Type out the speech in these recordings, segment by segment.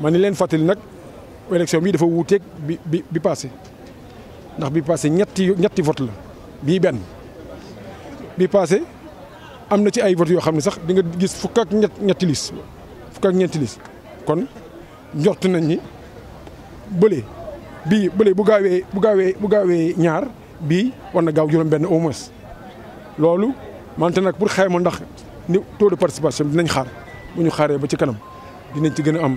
ma len leen nak nag élection bi dafa wutek bi bi bi passé ndax bi passé ñetti ñetti vote la bi ben bi passé am na ci ay vote yo xamni sax di nga gis fuk ak ñet ñetti lis fuk ak ñetti lis kon ñort nañ ni beulé bi beulé bu gawé bu gawé bu gawé ñaar bi wona na juroom ben au moins man tan nak pour xayma ndax ni taux de participation dinañ xaar buñu ñu ba ci kanam dinañ ci gëna am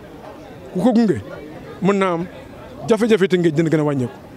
ku ko gunge mën naa am jafe-jafe Tëngéej dina gën a wàññeeku.